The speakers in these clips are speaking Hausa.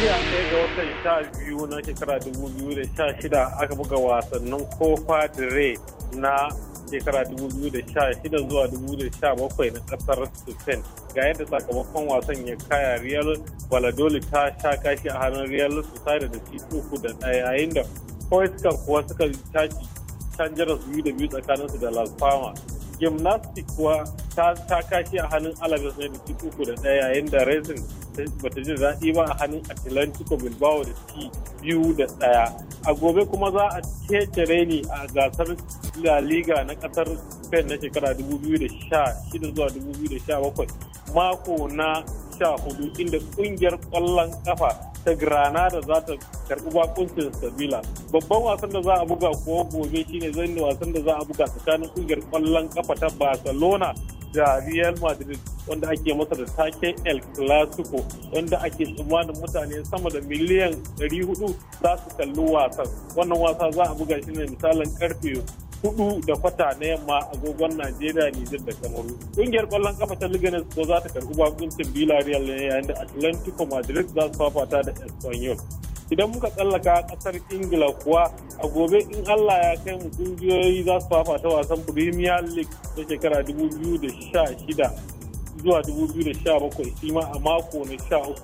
jiya ɗaya ga watan sha biyu na shekara dubu biyu da sha shida aka buga wasannin kofa dire na shekara dubu biyu da sha shida zuwa dubu da sha bakwai na ƙasar Spain ga yadda sakamakon wasan ya kaya Real Valladolid ta sha kashi a hannun Real Sociedad da ci uku da ɗaya yayin da Huesca kuwa suka tashi canjaras biyu da biyu tsakanin su da Las Palmas Gymnastic kuwa ta kashi a hannun Alaves ne da ci uku da ɗaya yayin da Racing bata ji daɗi ba a hannun atlantico bilbao da ci biyu da ɗaya a gobe kuma za a kece reni a gasar la liga na ƙasar spain na shekara 2016 zuwa 2017 mako na 14 inda ƙungiyar ƙwallon ƙafa ta Granada za ta karɓi bakuncin Sabila. Babban wasan da za a buga ko gobe shine zai wasan da za a buga tsakanin ƙungiyar ƙwallon kafa ta Barcelona da Real Madrid wanda ake masa da taken El Clasico wanda ake tsammanin mutane sama da miliyan 400 za su kalli wasan. Wannan wasa za a buga shi ne misalin karfe hudu da kwata na yamma agogon Najeriya Nijar da Kamaru. Kungiyar kwallon kafa ta Liganes ko za ta karbi bakuncin Villarreal ne yayin da Atlantico Madrid za su fafata da Espanyol. idan muka tsallaka kasar ingila kuwa a gobe in allah ya kai mu kungiyoyi za su fafata wasan premier league ta shekara 2016 zuwa 2017 shi ma a mako na 13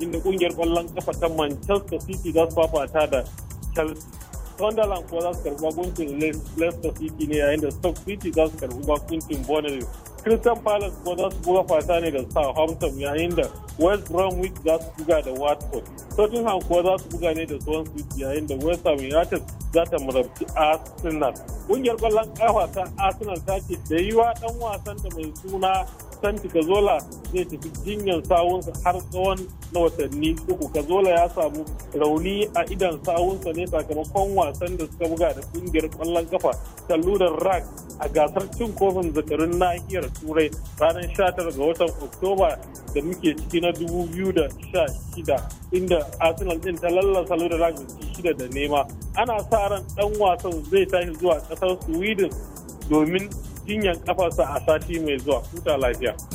inda kungiyar kwallon kafa ta manchester city za su fafata da chelsea sunderland kuwa za su karbi bakuncin leicester city ne yayin da stoke city za su karbi gunkin bournemouth Crystal Palace ko za su buga fata ne da Southampton yayin da West Bromwich za su buga da Watford. Tottenham ko za su buga ne da Swansea yayin da West Ham United za ta murabci Arsenal. Kungiyar kwallon kafa ta Arsenal ta ce da yi wa dan wasan da mai suna Santi Kazola zai tafi jinyar sawunsa har tsawon na watanni uku. Kazola ya samu rauni a idan sawunsa ne sakamakon wasan da suka buga da kungiyar kwallon kafa ta Ludan Rack a gasar cin kofin zakarun nahiyar turai ranar 19 ga watan oktoba da muke ciki na 2016 inda arsenal din ta lallasa da ragin shida da nema ana sa ran dan wasan zai tashi zuwa kasar sweden domin jinyar kafarsa a sati mai zuwa kuta lafiya